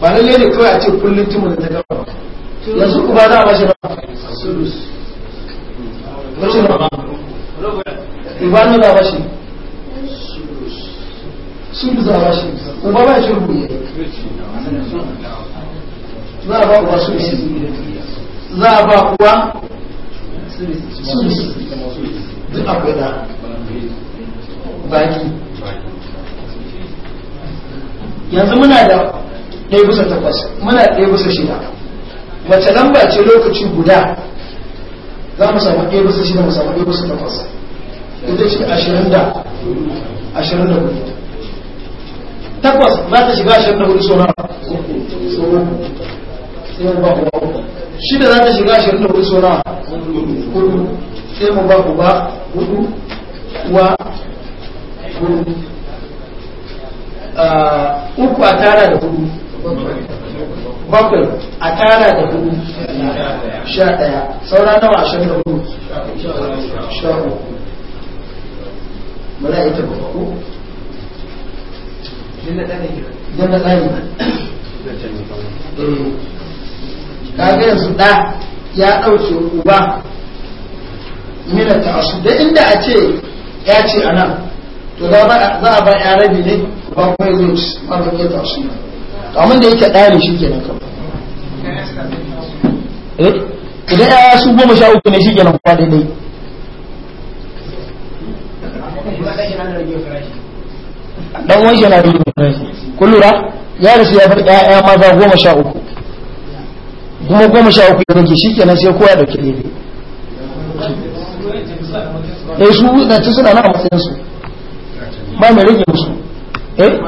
ba lalle ne kawai a ce kullum timu da ta gaba yanzu ba za a bashi ba sulus bashi ba ibanu za a bashi sulus za a shi ku ba shi rubu za a ba uwa sulus za a ba uwa sulus duk akwai na baki yanzu muna da ɗaya bisa takwas muna ɗaya bisa shida wace lamba ce lokaci guda za mu samu ɗaya bisa shida mu samu ɗaya bisa takwas ita ce ashirin da ashirin da hudu takwas za ta shiga ashirin da hudu sauran sauran ba shida za ta shiga ashirin da hudu sauran hudu sai mu ba uba hudu wa hudu ah, uku a tara da hudu bakwai a tara da hudu sha daya saura nawa ashirin da hudu sha uku muna ita ba ku dan da tsari eh. kaga yanzu da ya ɗauke uba mina ta'assub da inda a ce ya ce anan to za a ba ya rabi ne ba kuma zai ci ta ya ta'assub to amma da yake ɗari shi shikenan kawai eh idan ya su goma sha uku ne shi kenan da dai dan wani yana da yin kun lura ya rasu ya farka ya maza goma sha uku kuma goma sha uku ya rage shi sai kowa ya dauki daidai da eh, su ci suna nan a matsayin su ba mai rage musu eh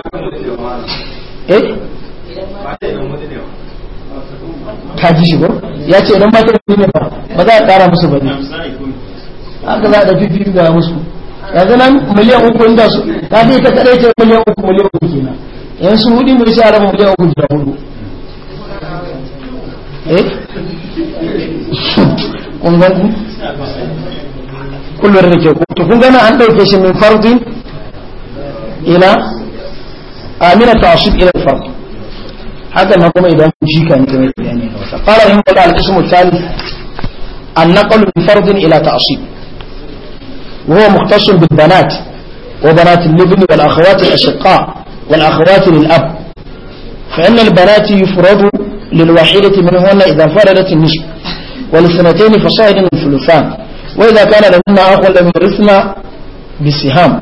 eh ta ji ba ya ce idan ba ta ne ba ba za a ƙara musu ba ne haka za a ɗafi biyu ga musu yanzu nan miliyan uku inda su ta fi ta kaɗai ce miliyan uku miliyan uku kenan yan su hudu mai shara ma miliyan uku da hudu eh kun ku كل الرجال تكون جماعة بيكش من فرض إلى آمنة آه، عصب إلى الفرض حتى ما قم إذا مجيك أنت قال إن قال القسم الثالث النقل من فرض إلى تعصيب وهو مختص بالبنات وبنات الابن والأخوات الأشقاء والأخوات للأب فإن البنات يفرض للواحدة منهن إذا فرضت النسب وللسنتين فصاعدا الثلثان وإذا كان لهن أخ لم يرثن بالسهام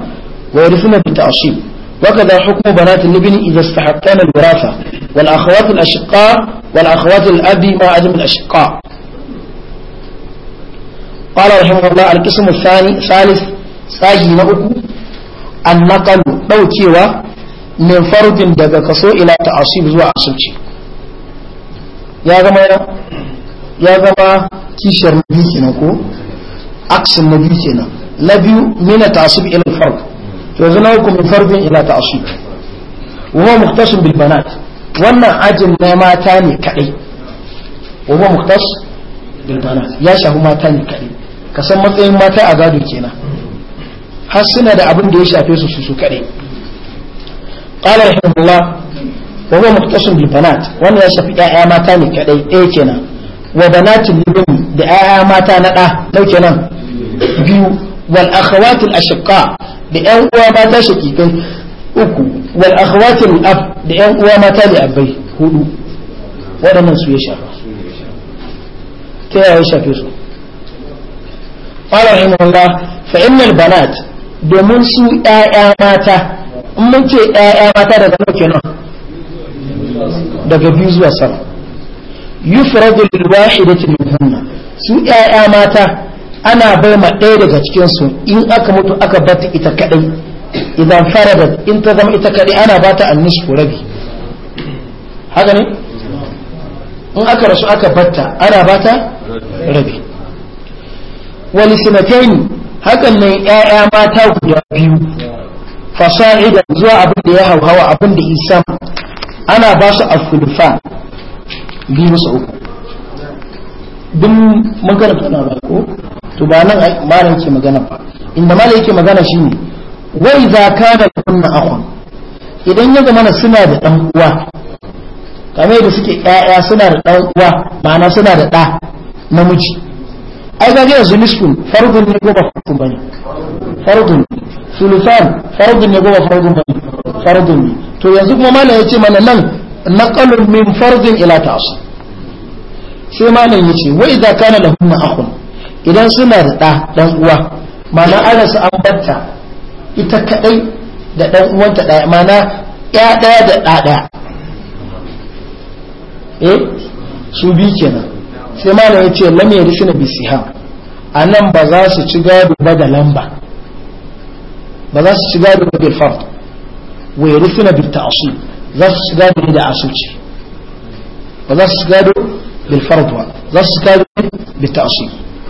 ويرثن بالتعصيب وكذا حكم بنات الابن إذا استحقن الوراثة والأخوات الأشقاء والأخوات الأب ما عدم الأشقاء قال رحمه الله القسم الثاني ثالث ساجي نأكو النقل دوكيوا من فرد daga kaso ila ta'asib zuwa asibci ya zama ya zama kishiyar nabi kenan ko aksin na biyu kenan na biyu mina ta'asib ila farq to yanzu na hukumin farqin ila ta'asib wa huwa muhtasim bil banat wannan ajin na mata ne kadai wa huwa muhtas bil banat ya shafi mata ne kadai ka san matsayin mata a gado kenan har suna da abin da ya shafe su su kadai قال رحمه الله وهو مختص بالبنات وانا يشف ايا ماتا ne kadai ɗaya eh kenan wa banatin libin da 'ya'ya mata na ɗa nau kenan biyu wal akhawatul ashqa da yan uwa mata shakikai uku wal akhawatul ab da yan uwa mata da abai hudu waɗannan su ya shafa ta yaya ya shafe su qala rahimahullah fa innal banat domin su ƴaƴa mata in mun ce ƴaƴa mata daga nawa kenan daga biyu zuwa sama yufradu lil wahidati minhunna su ƴaƴa mata ana bai ma ɗaya daga cikinsu in aka mutu aka bata ita kadai idan farada in ta zama ita kadai ana ba bata annisfu rabi haka ne in aka rasu aka batta ana ba ta rabi wani sinatani hakan ne ‘ya'ya mata guda biyu fasa'ida zuwa abin da ya hauhawa abin da isa ana ba su alfulufa biyu musu uku duk mun karanta na ba ko to ba nan malam ke magana ba inda malam yake magana shine wai za ka da kunna akhun idan ya zama suna da dan uwa kamar da suke ƴaƴa suna da dan uwa ma'ana suna da ɗa namiji ai ga ga yanzu nishkun fardun ne goba fardun bane fardun sulusan fardun ne goba fardun bane fardun ne to yanzu kuma malam yace mana nan naqalun min fardin ila ta'as sai malam yace wa idza kana lahum akhun idan suna da ɗa ɗan uwa mana ana su an banta ita kaɗai da ɗan uwanta ɗaya mana ya ɗaya da ɗa ɗaya eh su bi kenan sai mana ya ce da yarisu na bisiha a nan ba za su ci gado ba da lamba ba za su ci gado ba da fard wa yarisu na bil ta'asu za su ci gado da asuci ba za su ci gado bil fard ba za su ci gado bil ta'asu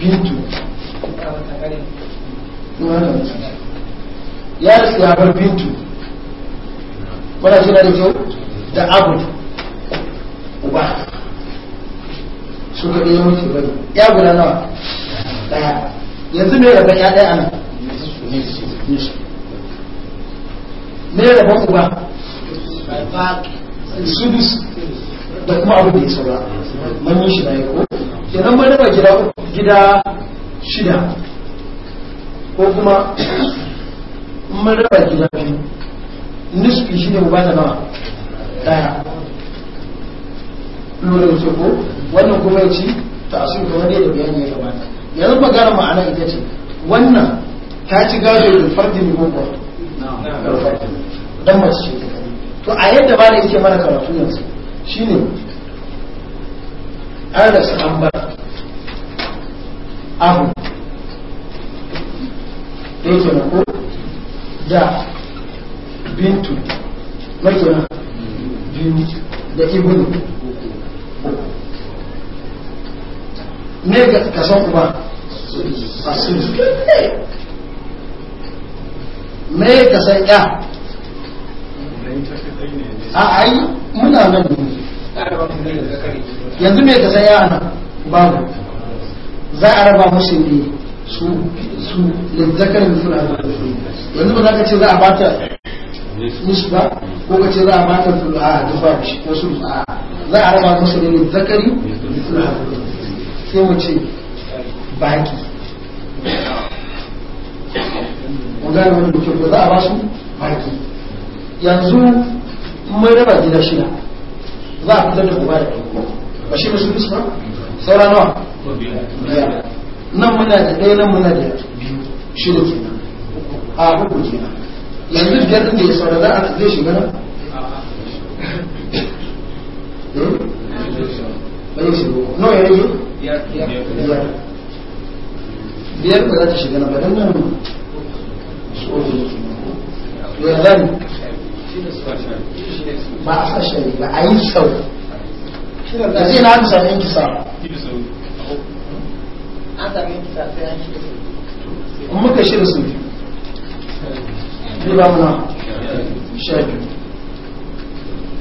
bintu ya da ya bar bintu mana shi na da kyau da abu uba su ka ɗaya mutu bari ya guda nawa ɗaya yanzu mai rabon ya ɗaya ana mai rabon uba sudus da kuma abu da ya saura manyan shi na ya ko kenan mun raba gida gida shida ko kuma mun raba gida biyu nisfi shi ne bata nawa daya lura da ko wannan kuma ya ci ta asu ga wani da bayani ya gabata yanzu magana ma'ana ita ce wannan ta ci gado da fardin gogo dan mace ce to a yadda ba da yake mana karatu yanzu shine su an bar abu ke na ko da bintu makina biyu da ibnu ne ga kasan uba a Me ka san ya a ayi muna nan ne yanzu me ka saya ana babu za a raba musu ne su su lizzakar musul a yanzu ba za ka ce za a bata musu ba ko ka ce za a bata su a dufa wasu a za a raba musu ne lizzakari musul a sai wace baki mun gane wani mutum ba za a ba su baki yanzu mun raba gida shida za a fitar da uba da ɗaya ba shi ba shi biya muna da ɗaya muna da biyu shi da kenan a hukun kenan yanzu biyar da ya saura a zai shiga nan hmm? bayan shigo nawa ya rage biyar biyar ba za ta shiga nan ba don nan su ofe ne kenan ya zani ba a ba a yi sau da zai na amsa yanki sa an yanki sa sai muka shirya su biyu ba muna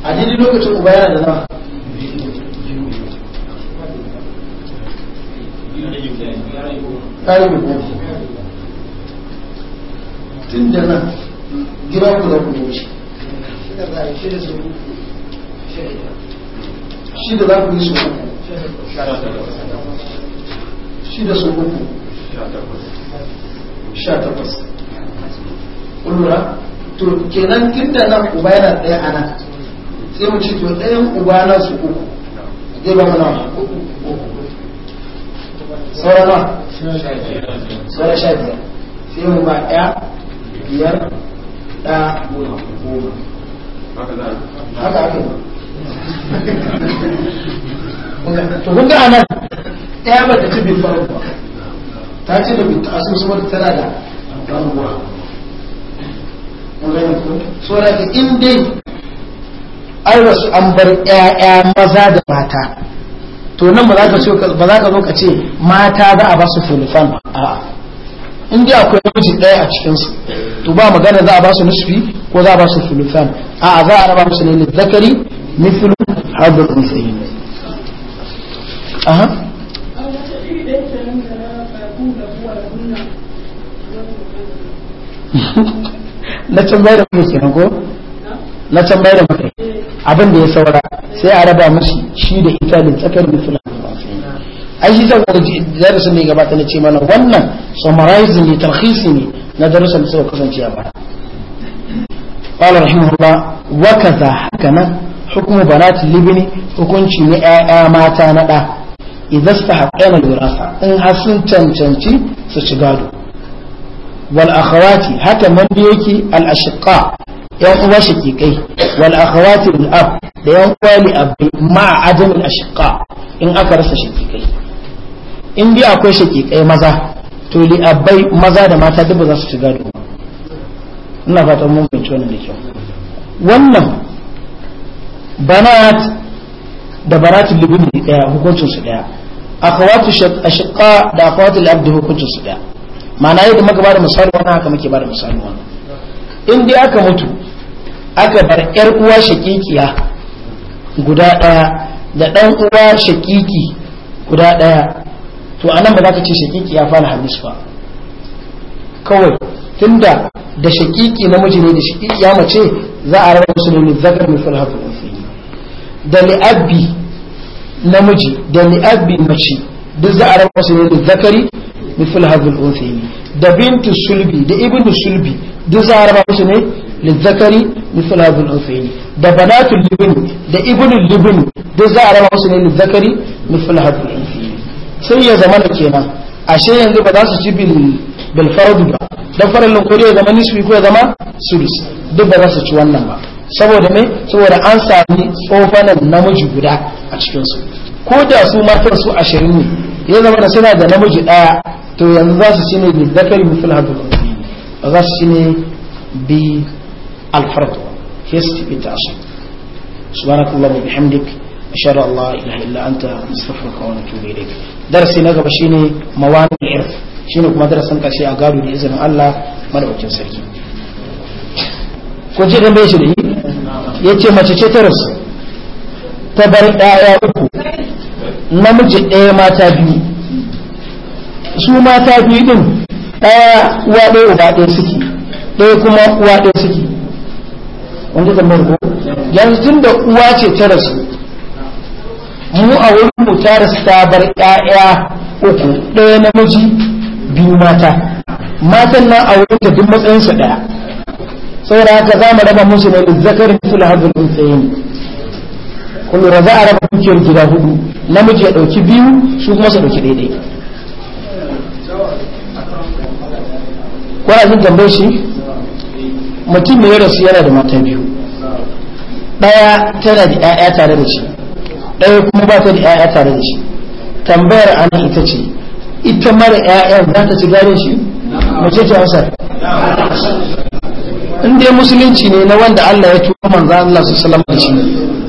a lokacin uba yana da nawa kayan tun da nan gira ku da ku shi da za ku yi su shi da su uku sha takwas ƙulura to kenan tun da nan uba yana ɗaya a nan sai mu ce to ɗayan uba na su uku zai ba mu nawa sauran ma sauran sha biyar sai mu ba ɗaya biyar ɗa goma haka ake to kun ga anan ɗaya ba ta ci bin faru ba ta ce da bin ta'asim saboda tana da ramuwa saboda ka in dai an rasu an bar ƴaƴa maza da mata to nan ba za ka zo ka ce mata za a ba su fulfan a'a in dai akwai namiji ɗaya a cikinsu to ba magana za a ba su nisfi ko za a ba su fulufan a za a raba musu ne zakari mithlu hadul ne aha na can bai da muke na ko na can bai da muke abin da ya saura sai a raba musu shi da ita da tsakar mithlu ai shi zan wani darasin da gabata na ce mana wannan summarizing ne tarhisi ne na darasin da suka kasance a baya قال رحمه الله وكذا hakana حكم بنات الابن hukunci na ‘ya'ya mata na ɗa idan su haƙƙa na wirasa in har sun cancanci su ci gado wal akhawati haka man da yake al ashqa yan uwa shakikai wal akhawati bil ab da yan uwa li abbi ma adam al ashqa in aka rasa shakikai in dai akwai shakikai maza to li abai maza da mata duk ba za su ci gado ina fatan mun fahimci wannan da kyau wannan banat da baratul libni daya hukuncin su daya akhawatu ashqa da akhawatu al-abd hukuncin su daya ma'ana yadda muka bada misali wannan haka muke bada misali wannan in dai aka mutu aka bar yar uwa shakikiya guda daya da dan uwa shakiki guda daya to anan ba za ta ce shakiki ya fara hamis ba kawai tunda da shakiki namiji ne da shakiki ya mace za a raba musu ne zakar mai falhafu da li'abbi namiji da li'abbi mace duk za a raba musu ne zakari mai falhafu da bintu sulbi da ibnu sulbi duk za a raba musu ne للذكري مثل هذا الأنثيين ده بنات اللبن ده ابن اللبن ده زعر وصل للذكري مثل هذا sai ya zama da kenan ashe yanzu ba za su ci bil fardu ba dan farallin ko ya zama nisfi ko ya zama sudus duk ba za su ci wannan ba saboda me saboda an sami tsofanan namiji guda a cikin su ko da su matar su 20 ne ya zama da suna da namiji daya to yanzu za su ci ne bi zakari fil hadu ba za su ci ne bi al fardu kesti bi tasu subhanakallahu bihamdika ashhadu an la ilaha illa anta astaghfiruka wa atubu ilayk darasi na gaba shine mawani irf shine kuma darasin karshe a gado da izinin Allah madaukakin sarki ko ji dan bai shi da yi mace ce ta rasu ta bar ɗaya uku namiji ɗaya mata biyu su mata biyu din ɗaya uwa ɗaya uba ɗaya suke ɗaya kuma uwa ɗaya suke wanda ko yanzu da uwa ce ta rasu mu a wurin mu sabar ƴaƴa uku ɗaya namiji biyu mata matan nan a wurin da duk matsayin su ɗaya saboda haka za mu raba musu ne zakar fil hadhul unthayn kun lura za a raba dukiyar gida hudu namiji ya ɗauki biyu su kuma su ɗauki daidai kuna jin tambayar shi mutum ne ya rasu yana da mata biyu ɗaya tana da ƴaƴa tare da shi ɗaya kuma ba ta da 'ya'ya tare da shi tambayar ana ita ce ita mara 'ya'yan za ta ci gare shi mace ta hausar in dai musulunci ne na wanda Allah ya tura manzo Allah su salama da shi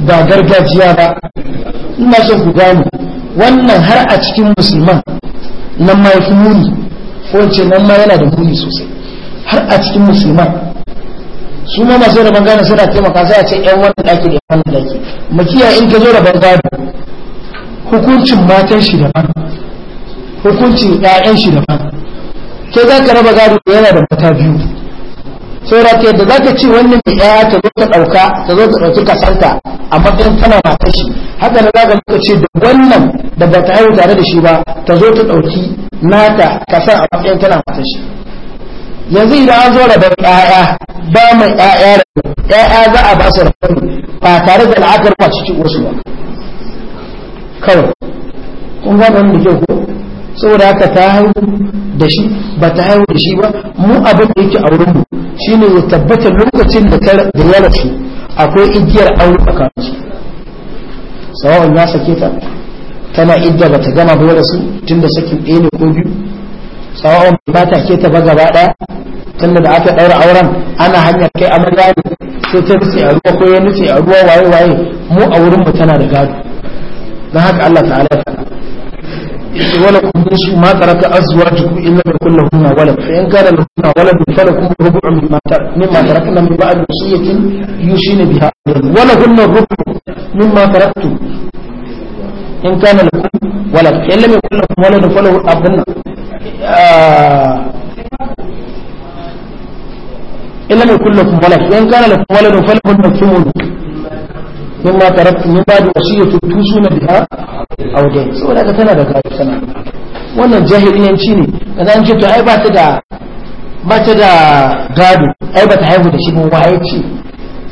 ba gargajiya ba ina son ku gane wannan har a cikin musulman nan ma yafi muni ko ce nan ma yana da muni sosai har a cikin musulman su ma masu rabon gane suna taimaka sai a ce yan wani daki da wani daki makiya in ka zo rabon gane hukuncin matan shi daban hukuncin ƴaƴan shi daban ke za ka raba gado yana da mata biyu saura ke da za ka ce wannan mai ɗaya ta zo ta ɗauka ta zo ta ɗauki kasanta a matsayin tana matar shi haka na za ka muka ce da wannan da ba ta haihu tare da shi ba ta zo ta ɗauki nata kasar a matsayin tana matar shi yanzu idan an zo rabar ƴaƴa ba mu ƴaƴa ƴaƴa za a basu su rabar ba tare da la'akar ba cikin wasu ba kawai kun ga da ke ko saboda haka ta haihu da shi ba ta haihu da shi ba mu abin da yake a wurin mu shine ya tabbatar lokacin da da ya rasu akwai igiyar aure tsakaninsu sawa'un ya sake ta tana idda ba ta gama ba su tun da sakin ɗaya ne ko biyu sawa'un ba ta ke taba gaba ɗaya tunda da aka ɗaura auren ana hanyar kai amarya ne sai ta nutse a ruwa ko ya nutse a ruwa waye waye mu a wurin mu tana da gado don haka Allah ta'ala ta. yace wala kun su ma taraka azwajukum illa bi kulli hunna wala fa in kana lahunna wala bi rubu rubu'u mimma taraka mimma tarakna min ba'd wasiyatin yushina biha wala hunna min mimma taraktum in kana lakum wala in lam yakul lakum wala falahu abunna illa mai kulla kun wala yan kana la kun wala don falakun da kumun mimma taraktu min ba da wasiyatu tusuna biha aw dai saboda ka tana da kai sana wannan jahiliyanci ne kaza an ce to ai ba ta da gado ai ba ta haihu da shi ba waye ce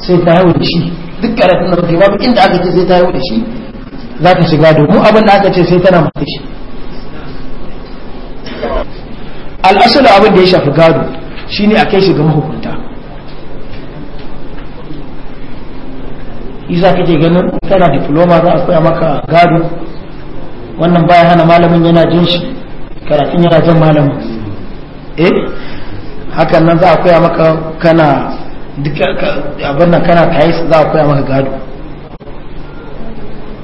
sai ta haihu da shi duk karatun da babu inda aka ce sai ta haihu da shi za ta shiga domin abin da aka ce sai tana mace shi al'asala abin da ya shafi gado shi ne a kai shiga ga mahukunta isa kake ganin tana diploma za a koya maka gado wannan baya hana malamin yana jin shi karatun yana jan malamin eh hakan nan za a koya maka kana abin nan kana kayi za a koya maka gado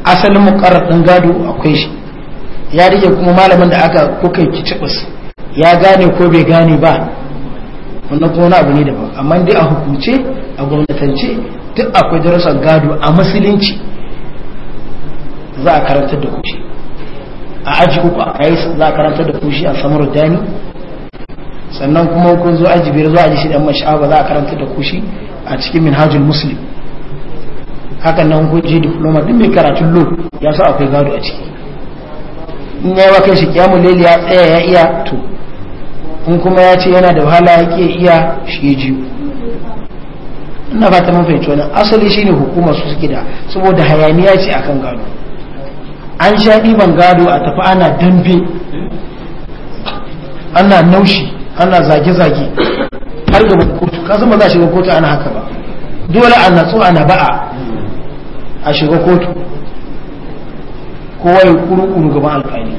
asalin mukarar ɗin gado akwai shi ya rike kuma malamin da aka kuka ki kicibus ya gane ko bai gane ba wannan ko na abu ne daban amma dai a hukunce a gwamnatance duk akwai darasar gado a musulunci za a karantar da kushi a aji uku a kai za a karantar da kushi a samar dani sannan kuma kun zo aji biyar zuwa aji shi dan mashaba za a karantar da kushi a cikin minhajul muslim hakan nan kun je diploma duk mai karatun lo ya sa akwai gado a ciki in yawa wa kai shi kiyamu leliya ya tsaya ya iya to in kuma ya ce yana da wahala ya ke iya shi ji ina fata mun fahimci wannan asali shine hukumar su suke da saboda hayaniya ce akan gado an sha ɗiban gado a tafi ana dambe ana naushi ana zage-zage har gaban kotu kasan zama za a shiga kotu ana haka ba dole a natsu ana ba'a a shiga kotu kowa ya kuru kuru gaban alfani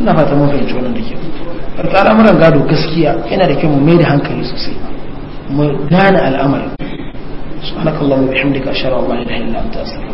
ina fata mun fahimci wannan da ke farko al'amuran gado gaskiya yana da kyau mu mai da hankali sosai mu gane al'amarin subhanakallahumma bihamdika ashhadu an la ilaha illa anta astaghfiruka